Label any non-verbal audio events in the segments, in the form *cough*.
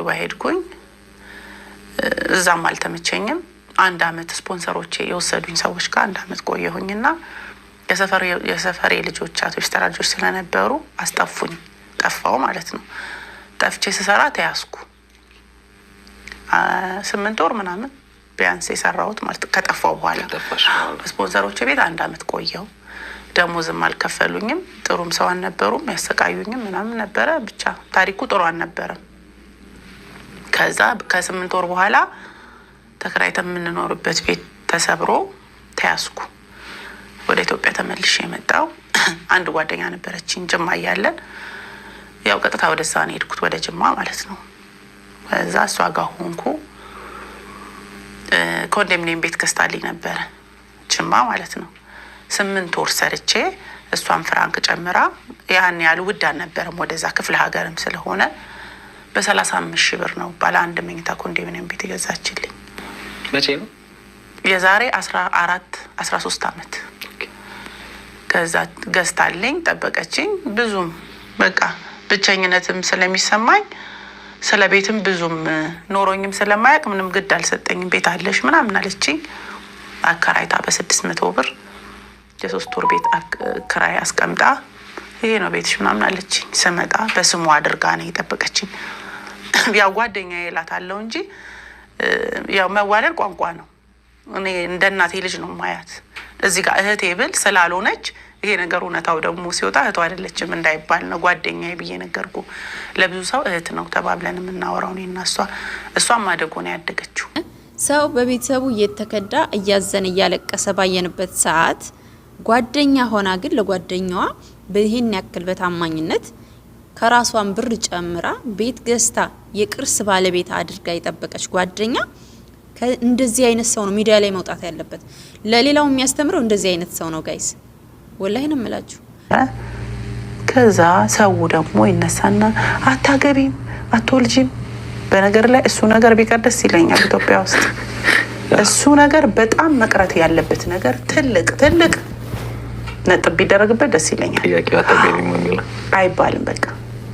ዱባይ ሄድኩኝ። እዛም አልተመቸኝም። አንድ አመት ስፖንሰሮቼ የወሰዱኝ ሰዎች ጋር አንድ አመት ቆየሁኝና የሰፈሬ ልጆች አቶ ስተራጆች ስለነበሩ አስጠፉኝ። ጠፋው ማለት ነው። ጠፍቼ ስሰራ ተያዝኩ። ስምንት ወር ምናምን ቢያንስ የሰራሁት ማለት ከጠፋው በኋላ ስፖንሰሮች ቤት አንድ አመት ቆየው። ደሞዝም አልከፈሉኝም። ጥሩም ሰው አልነበሩም። ያሰቃዩኝም ምናምን ነበረ። ብቻ ታሪኩ ጥሩ አልነበረም። ከዛ ከስምንት ወር በኋላ ተከራይተን የምንኖርበት ቤት ተሰብሮ ተያዝኩ። ወደ ኢትዮጵያ ተመልሼ የመጣው *clears throat* አንድ ጓደኛ ነበረችኝ ጅማ እያለን ያው ቀጥታ ወደ እዛ ነው የሄድኩት፣ ወደ ጅማ ማለት ነው። ከዛ እሷ ጋር ሆንኩ። ኮንዶሚኒየም ቤት ከስታልኝ ነበረ ጅማ ማለት ነው። ስምንት ወር ሰርቼ እሷን ፍራንክ ጨምራ ያን ያህል ውድ አልነበረም፣ ወደዛ ክፍለ ሀገርም ስለሆነ በሰላሳ አምስት ሺህ ብር ነው ባለ አንድ መኝታ ኮንዶሚኒየም ቤት የገዛችልኝ። መቼ ነው? የዛሬ አስራ አራት አስራ ሶስት አመት ከዛ ገዝታለኝ፣ ጠበቀችኝ። ብዙም በቃ ብቸኝነትም ስለሚሰማኝ ስለ ቤትም ብዙም ኖሮኝም ስለማያውቅ ምንም ግድ አልሰጠኝም። ቤት አለሽ ምናምን አለችኝ። አከራይታ በስድስት መቶ ብር የሶስት ወር ቤት ክራይ አስቀምጣ ይሄ ነው ቤትሽ ምናምን አለችኝ። ስመጣ በስሙ አድርጋ ነው የጠበቀችኝ። *clears throat* ያው ጓደኛ የላት አለው እንጂ ያው መዋደድ ቋንቋ ነው። እኔ እንደ እናቴ ልጅ ነው ማያት። እዚህ ጋር እህቴ ብል ስላልሆነች ይሄ ነገር እውነታው ደግሞ ሲወጣ እህቱ አይደለችም እንዳይባል ነው ጓደኛ ብዬ ነገርኩ። ለብዙ ሰው እህት ነው ተባብለን የምናወራው እኔና እሷ። እሷም አደጎ ነው ያደገችው። ሰው በቤተሰቡ እየተከዳ እያዘን እያለቀሰ ባየንበት ሰዓት ጓደኛ ሆና ግን ለጓደኛዋ በይህን ያክል በታማኝነት ከራሷን ብር ጨምራ ቤት ገዝታ የቅርስ ባለቤት አድርጋ የጠበቀች ጓደኛ እንደዚህ አይነት ሰው ነው ሚዲያ ላይ መውጣት ያለበት። ለሌላው የሚያስተምረው እንደዚህ አይነት ሰው ነው። ጋይስ ወላሂ ነው የምላችሁ። ከዛ ሰው ደግሞ ይነሳና አታገቢም፣ አትወልጂም። በነገር ላይ እሱ ነገር ቢቀር ደስ ይለኛል። ኢትዮጵያ ውስጥ እሱ ነገር በጣም መቅረት ያለበት ነገር ትልቅ ትልቅ ነጥብ ቢደረግበት ደስ ይለኛል። አይባልም በቃ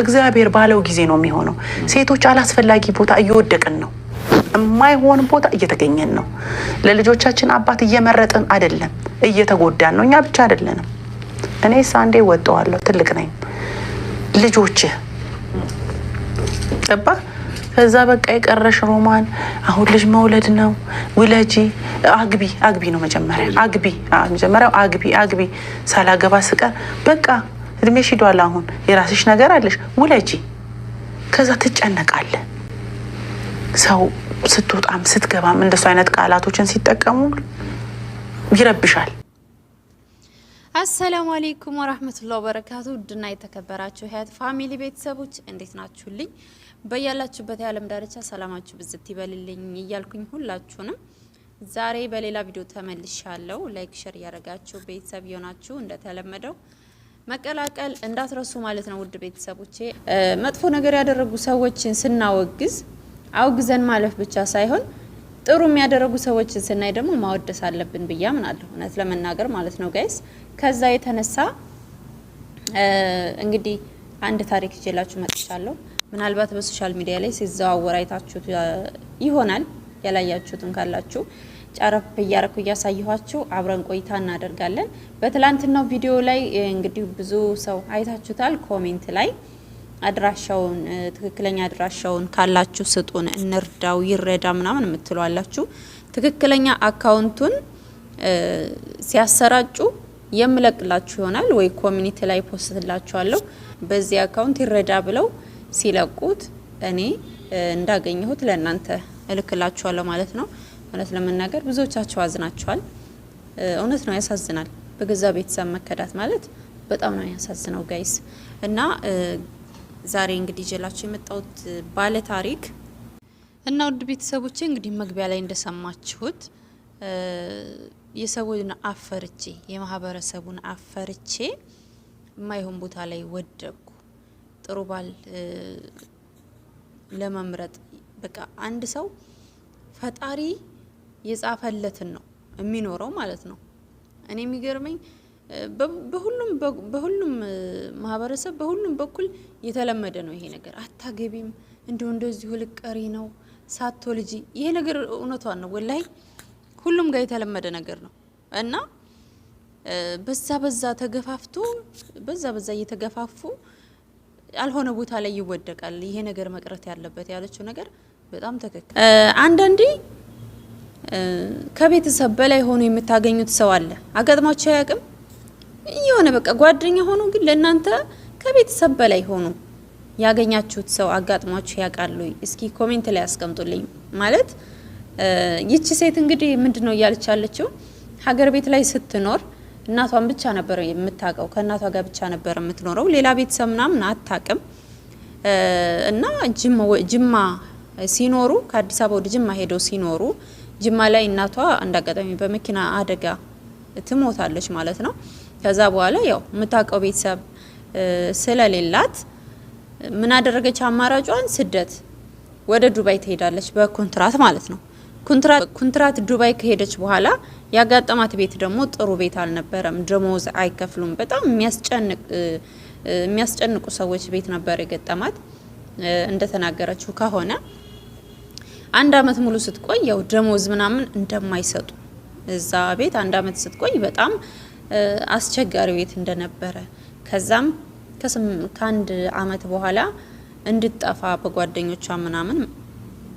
እግዚአብሔር ባለው ጊዜ ነው የሚሆነው። ሴቶች አላስፈላጊ ቦታ እየወደቅን ነው፣ የማይሆን ቦታ እየተገኘን ነው። ለልጆቻችን አባት እየመረጥን አይደለም፣ እየተጎዳን ነው። እኛ ብቻ አይደለንም። እኔ ሳንዴ ወጠዋለሁ፣ ትልቅ ነኝ። ልጆች ጠባ ከዛ በቃ የቀረሽ ሮማን አሁን ልጅ መውለድ ነው። ውለጂ፣ አግቢ፣ አግቢ ነው መጀመሪያ። አግቢ መጀመሪያው አግቢ፣ አግቢ ሳላገባ ስቀር በቃ እድሜሽ ሂዷል። አሁን የራስሽ ነገር አለሽ፣ ውለጂ። ከዛ ትጨነቃለ። ሰው ስትወጣም ስትገባም እንደሱ አይነት ቃላቶችን ሲጠቀሙ ይረብሻል። አሰላሙ አሌይኩም ወራህመቱላሂ ወበረካቱ። ውድና የተከበራችሁ ሀያት ፋሚሊ ቤተሰቦች እንዴት ናችሁልኝ? በያላችሁበት የዓለም ዳርቻ ሰላማችሁ ብዝት ይበልልኝ እያልኩኝ ሁላችሁንም ዛሬ በሌላ ቪዲዮ ተመልሻለሁ። ላይክ ሸር እያደረጋችሁ ቤተሰብ የሆናችሁ እንደተለመደው መቀላቀል እንዳትረሱ ማለት ነው። ውድ ቤተሰቦቼ መጥፎ ነገር ያደረጉ ሰዎችን ስናወግዝ አውግዘን ማለፍ ብቻ ሳይሆን ጥሩ የሚያደረጉ ሰዎችን ስናይ ደግሞ ማወደስ አለብን ብዬ አምናለሁ። እውነት ለመናገር ማለት ነው ጋይስ። ከዛ የተነሳ እንግዲህ አንድ ታሪክ ይዤላችሁ መጥቻለሁ። ምናልባት በሶሻል ሚዲያ ላይ ሲዘዋወር አይታችሁት ይሆናል። ያላያችሁትም ካላችሁ ጨረፍ እያረኩ እያሳየኋችሁ አብረን ቆይታ እናደርጋለን። በትላንትናው ቪዲዮ ላይ እንግዲህ ብዙ ሰው አይታችሁታል። ኮሜንት ላይ አድራሻውን ትክክለኛ አድራሻውን ካላችሁ ስጡን፣ እንርዳው፣ ይረዳ ምናምን የምትሏላችሁ ትክክለኛ አካውንቱን ሲያሰራጩ የምለቅላችሁ ይሆናል ወይ ኮሚኒቲ ላይ ፖስትላችኋለሁ። በዚህ አካውንት ይረዳ ብለው ሲለቁት እኔ እንዳገኘሁት ለእናንተ እልክላችኋለሁ ማለት ነው። እውነት ለመናገር ብዙዎቻቸው አዝናቸዋል። እውነት ነው፣ ያሳዝናል። በገዛ ቤተሰብ መከዳት ማለት በጣም ነው ያሳዝነው ጋይስ። እና ዛሬ እንግዲህ ይዤላችሁ የመጣሁት ባለ ታሪክ እና ውድ ቤተሰቦቼ እንግዲህ መግቢያ ላይ እንደሰማችሁት የሰውን አፈርቼ የማህበረሰቡን አፈርቼ የማይሆን ቦታ ላይ ወደቅኩ። ጥሩ ባል ለመምረጥ በቃ አንድ ሰው ፈጣሪ የጻፈለትን ነው የሚኖረው ማለት ነው። እኔ የሚገርመኝ በሁሉም በሁሉም ማህበረሰብ በሁሉም በኩል የተለመደ ነው ይሄ ነገር። አታገቢም እንዲሁ እንደዚሁ ልቀሪ ነው ሳቶ ልጂ። ይሄ ነገር እውነቷን ነው ወላይ ሁሉም ጋር የተለመደ ነገር ነው እና በዛ በዛ ተገፋፍቶ በዛ በዛ እየተገፋፉ ያልሆነ ቦታ ላይ ይወደቃል። ይሄ ነገር መቅረት ያለበት ያለችው ነገር በጣም ትክክል አንዳንዴ ከቤተሰብ በላይ ሆኖ የምታገኙት ሰው አለ። አጋጥሟቸው አያውቅም? የሆነ በቃ ጓደኛ ሆኖ ግን ለእናንተ ከቤተሰብ በላይ ሆኖ ያገኛችሁት ሰው አጋጥሟችሁ ያውቃሉ? እስኪ ኮሜንት ላይ አስቀምጡልኝ ማለት ይቺ ሴት እንግዲህ ምንድን ነው እያለች ያለችው? ሀገር ቤት ላይ ስትኖር እናቷን ብቻ ነበር የምታውቀው። ከእናቷ ጋር ብቻ ነበር የምትኖረው። ሌላ ቤተሰብ ምናምን አታውቅም። እና ጅማ ሲኖሩ ከአዲስ አበባ ወደ ጅማ ሄደው ሲኖሩ ጅማ ላይ እናቷ አጋጣሚ በመኪና አደጋ ትሞታለች ማለት ነው። ከዛ በኋላ ያው የምታውቀው ቤተሰብ ስለሌላት ምን አደረገች? አማራጯን ስደት ወደ ዱባይ ትሄዳለች፣ በኮንትራት ማለት ነው። ኮንትራት ዱባይ ከሄደች በኋላ ያጋጠማት ቤት ደግሞ ጥሩ ቤት አልነበረም። ደሞዝ አይከፍሉም። በጣም የሚያስጨንቁ ሰዎች ቤት ነበር የገጠማት እንደተናገረችው ከሆነ አንድ አመት ሙሉ ስትቆይ ያው ደሞዝ ምናምን እንደማይሰጡ እዛ ቤት አንድ አመት ስትቆይ በጣም አስቸጋሪ ቤት እንደነበረ ከዛም ከአንድ አመት በኋላ እንድጠፋ በጓደኞቿ ምናምን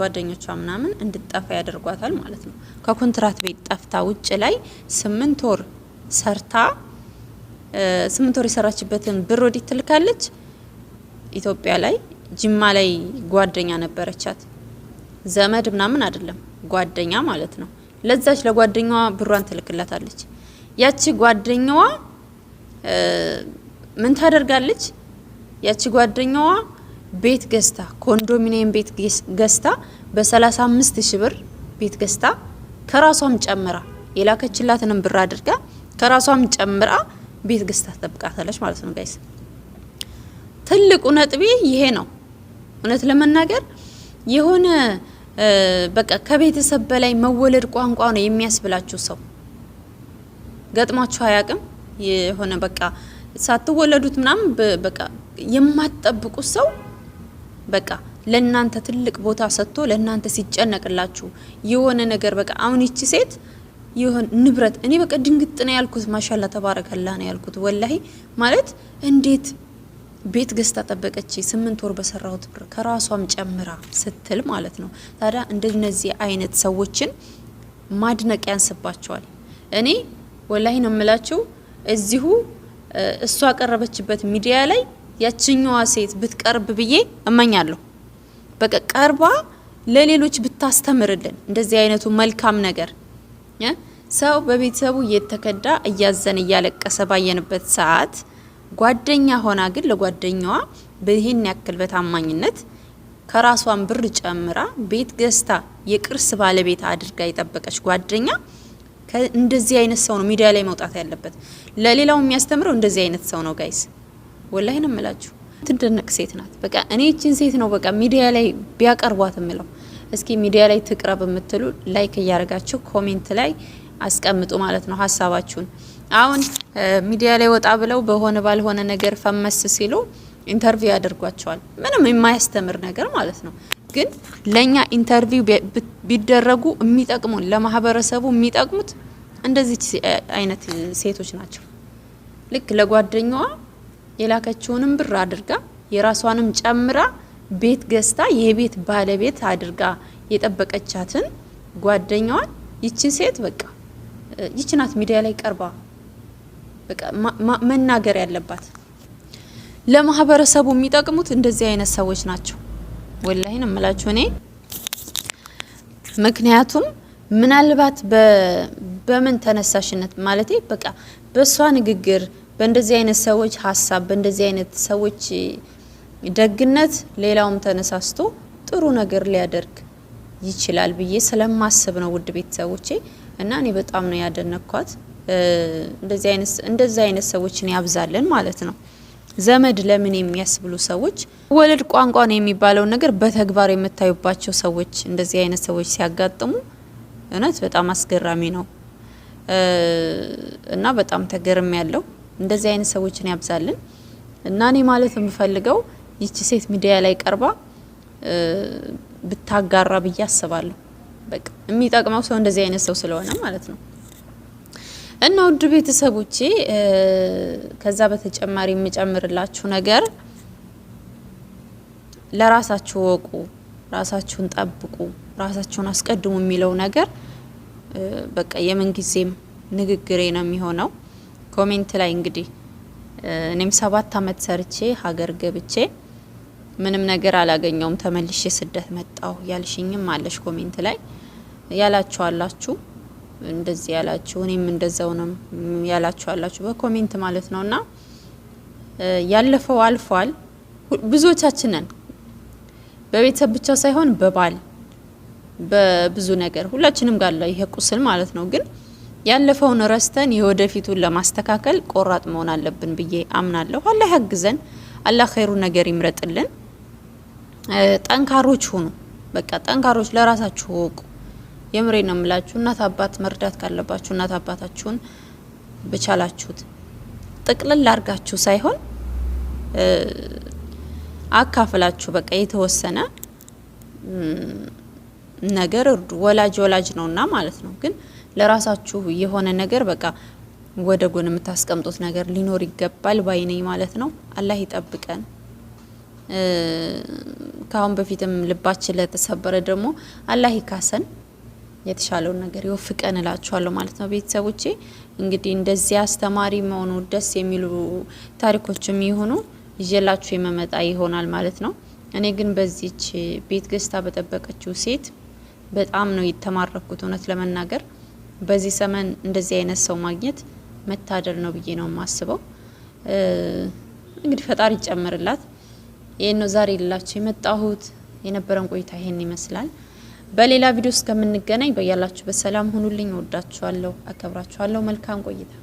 ጓደኞቿ ምናምን እንድጠፋ ያደርጓታል ማለት ነው። ከኮንትራት ቤት ጠፍታ ውጭ ላይ ስምንት ወር ሰርታ ስምንት ወር የሰራችበትን ብር ወዴት ትልካለች? ኢትዮጵያ ላይ ጅማ ላይ ጓደኛ ነበረቻት። ዘመድ ምናምን አይደለም፣ ጓደኛ ማለት ነው። ለዛች ለጓደኛዋ ብሯን ትልክላታለች። ያቺ ጓደኛዋ ምን ታደርጋለች? ያቺ ጓደኛዋ ቤት ገዝታ ኮንዶሚኒየም ቤት ገዝታ በ35 ሺ ብር ቤት ገዝታ ከራሷም ጨምራ የላከችላትንም ብር አድርጋ ከራሷም ጨምራ ቤት ገዝታ ትጠብቃታለች ማለት ነው። ጋይስ ትልቁ ነጥቤ ይሄ ነው። እውነት ለመናገር የሆነ በቃ ከቤተሰብ በላይ መወለድ ቋንቋ ነው የሚያስብላችሁ ሰው ገጥማችሁ አያውቅም? የሆነ በቃ ሳትወለዱት ምናምን በቃ የማትጠብቁ ሰው በቃ ለእናንተ ትልቅ ቦታ ሰጥቶ ለእናንተ ሲጨነቅላችሁ የሆነ ነገር በቃ አሁን ይቺ ሴት ይሁን ንብረት እኔ በቃ ድንግጥ ነው ያልኩት። ማሻላ ተባረከላ ነው ያልኩት። ወላሂ ማለት እንዴት ቤት ገዝታ ጠበቀች። ስምንት ወር በሰራሁት ብር ከራሷም ጨምራ ስትል ማለት ነው። ታዲያ እንደነዚህ አይነት ሰዎችን ማድነቅ ያንስባቸዋል። እኔ ወላሂ ነው የምላችሁ እዚሁ እሷ ያቀረበችበት ሚዲያ ላይ ያችኛዋ ሴት ብትቀርብ ብዬ እመኛለሁ። በቃ ቀርባ ለሌሎች ብታስተምርልን እንደዚህ አይነቱ መልካም ነገር ሰው በቤተሰቡ እየተከዳ እያዘን እያለቀሰ ባየንበት ሰዓት ጓደኛ ሆና ግን ለጓደኛዋ በይህን ያክል በታማኝነት ከራሷን ብር ጨምራ ቤት ገዝታ የቅርስ ባለቤት አድርጋ የጠበቀች ጓደኛ እንደዚህ አይነት ሰው ነው ሚዲያ ላይ መውጣት ያለበት። ለሌላው የሚያስተምረው እንደዚህ አይነት ሰው ነው። ጋይስ ወላይ ነው የምላችሁ። ትደነቅ ሴት ናት። በቃ እኔ እችን ሴት ነው በቃ ሚዲያ ላይ ቢያቀርቧት የምለው። እስኪ ሚዲያ ላይ ትቅረብ የምትሉ ላይክ እያደረጋችሁ ኮሜንት ላይ አስቀምጡ ማለት ነው ሀሳባችሁን። አሁን ሚዲያ ላይ ወጣ ብለው በሆነ ባልሆነ ነገር ፈመስ ሲሉ ኢንተርቪው ያደርጓቸዋል። ምንም የማያስተምር ነገር ማለት ነው። ግን ለእኛ ኢንተርቪው ቢደረጉ የሚጠቅሙን ለማህበረሰቡ የሚጠቅሙት እንደዚህ አይነት ሴቶች ናቸው። ልክ ለጓደኛዋ የላከችውንም ብር አድርጋ የራሷንም ጨምራ ቤት ገዝታ የቤት ባለቤት አድርጋ የጠበቀቻትን ጓደኛዋን ይችን ሴት በቃ ይችናት ሚዲያ ላይ ቀርባ መናገር ያለባት ለማህበረሰቡ የሚጠቅሙት እንደዚህ አይነት ሰዎች ናቸው። ወላሂ ነው የምላችሁ እኔ ምክንያቱም ምናልባት በምን ተነሳሽነት ማለት በቃ በእሷ ንግግር፣ በእንደዚህ አይነት ሰዎች ሀሳብ፣ በእንደዚህ አይነት ሰዎች ደግነት ሌላውም ተነሳስቶ ጥሩ ነገር ሊያደርግ ይችላል ብዬ ስለማስብ ነው ውድ ቤተሰቦቼ እና እኔ በጣም ነው ያደነኳት። እንደዚህ አይነት እንደዚህ አይነት ሰዎችን ያብዛልን ማለት ነው። ዘመድ ለምን የሚያስብሉ ሰዎች ወለድ ቋንቋ ነው የሚባለውን ነገር በተግባር የምታዩባቸው ሰዎች እንደዚህ አይነት ሰዎች ሲያጋጥሙ እውነት በጣም አስገራሚ ነው እና በጣም ተገርም ያለው እንደዚህ አይነት ሰዎችን ያብዛልን እና እኔ ማለት የምፈልገው ይቺ ሴት ሚዲያ ላይ ቀርባ ብታጋራ ብዬ አስባለሁ። በቃ የሚጠቅመው ሰው እንደዚህ አይነት ሰው ስለሆነ ማለት ነው። እና ውድ ቤተሰቦቼ ከዛ በተጨማሪ የምጨምርላችሁ ነገር ለራሳችሁ ወቁ፣ ራሳችሁን ጠብቁ፣ ራሳችሁን አስቀድሙ የሚለው ነገር በቃ የምንጊዜም ንግግሬ ነው የሚሆነው። ኮሜንት ላይ እንግዲህ እኔም ሰባት አመት ሰርቼ ሀገር ገብቼ ምንም ነገር አላገኘውም ተመልሼ ስደት መጣሁ ያልሽኝም አለሽ ኮሜንት ላይ ያላችኋላችሁ እንደዚህ ያላችሁ እኔም እንደዛው ነው ያላችሁ አላችሁ በኮሜንት ማለት ነው። እና ያለፈው አልፏል። ብዙዎቻችንን በቤተሰብ ብቻ ሳይሆን በባል በብዙ ነገር ሁላችንም ጋር ላይ ይሄ ቁስል ማለት ነው። ግን ያለፈውን ረስተን የወደፊቱን ለማስተካከል ቆራጥ መሆን አለብን ብዬ አምናለሁ። አላህ ያግዘን፣ አላህ ኸይሩ ነገር ይምረጥልን። ጠንካሮች ሁኑ። በቃ ጠንካሮች ለራሳችሁ ወቁ። የምሬ ነው የምላችሁ። እናት አባት መርዳት ካለባችሁ እናት አባታችሁን በቻላችሁት ጥቅልል አርጋችሁ ሳይሆን አካፍላችሁ በቃ የተወሰነ ነገር እርዱ። ወላጅ ወላጅ ነውና ማለት ነው። ግን ለራሳችሁ የሆነ ነገር በቃ ወደ ጎን የምታስቀምጡት ነገር ሊኖር ይገባል ባይነኝ ማለት ነው። አላህ ይጠብቀን። ከአሁን በፊትም ልባችን ለተሰበረ ደግሞ አላህ ይካሰን። የተሻለውን ነገር ይወፍቀን እላችኋለሁ ማለት ነው ቤተሰቦቼ። እንግዲህ እንደዚህ አስተማሪ መሆኑ ደስ የሚሉ ታሪኮች የሚሆኑ ይዤላችሁ የመመጣ ይሆናል ማለት ነው። እኔ ግን በዚች ቤት ገዝታ በጠበቀችው ሴት በጣም ነው የተማረኩት። እውነት ለመናገር በዚህ ዘመን እንደዚህ አይነት ሰው ማግኘት መታደል ነው ብዬ ነው የማስበው። እንግዲህ ፈጣሪ ይጨምርላት። ይህን ነው ዛሬ ልላችሁ የመጣሁት። የነበረን ቆይታ ይሄን ይመስላል። በሌላ ቪዲዮ እስከምንገናኝ በያላችሁበት ሰላም ሁኑልኝ። ወዳችኋለሁ፣ አከብራችኋለሁ። መልካም ቆይታ